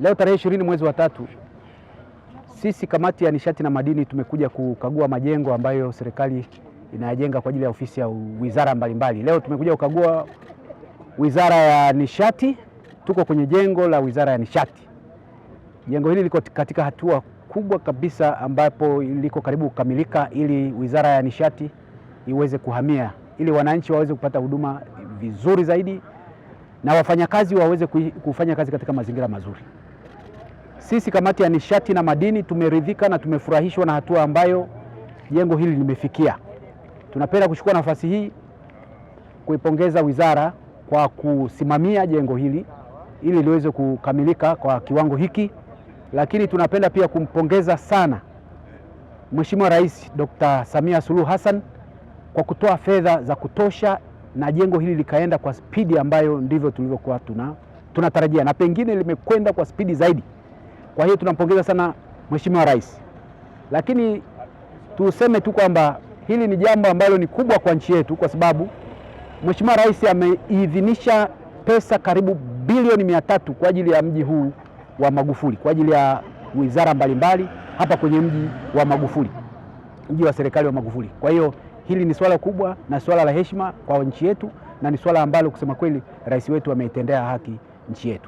Leo tarehe ishirini mwezi wa tatu, sisi kamati ya nishati na madini tumekuja kukagua majengo ambayo serikali inayajenga kwa ajili ya ofisi ya wizara mbalimbali. Leo tumekuja kukagua wizara ya nishati, tuko kwenye jengo la wizara ya nishati. Jengo hili liko katika hatua kubwa kabisa ambapo liko karibu kukamilika, ili wizara ya nishati iweze kuhamia, ili wananchi waweze kupata huduma vizuri zaidi na wafanyakazi waweze kufanya kazi katika mazingira mazuri. Sisi kamati ya nishati na madini tumeridhika na tumefurahishwa na hatua ambayo jengo hili limefikia. Tunapenda kuchukua nafasi hii kuipongeza wizara kwa kusimamia jengo hili ili liweze kukamilika kwa kiwango hiki, lakini tunapenda pia kumpongeza sana Mheshimiwa Rais Dr. Samia Suluhu Hassan kwa kutoa fedha za kutosha na jengo hili likaenda kwa spidi ambayo ndivyo tulivyokuwa tunatarajia, na pengine limekwenda kwa spidi zaidi. Kwa hiyo tunampongeza sana Mheshimiwa Rais, lakini tuseme tu kwamba hili ni jambo ambalo ni kubwa kwa nchi yetu, kwa sababu Mheshimiwa Rais ameidhinisha pesa karibu bilioni mia tatu kwa ajili ya mji huu wa Magufuli, kwa ajili ya wizara mbalimbali hapa kwenye mji wa Magufuli, mji wa serikali wa Magufuli. Kwa hiyo hili ni swala kubwa na swala la heshima kwa nchi yetu, na ni swala ambalo kusema kweli rais wetu ameitendea haki nchi yetu.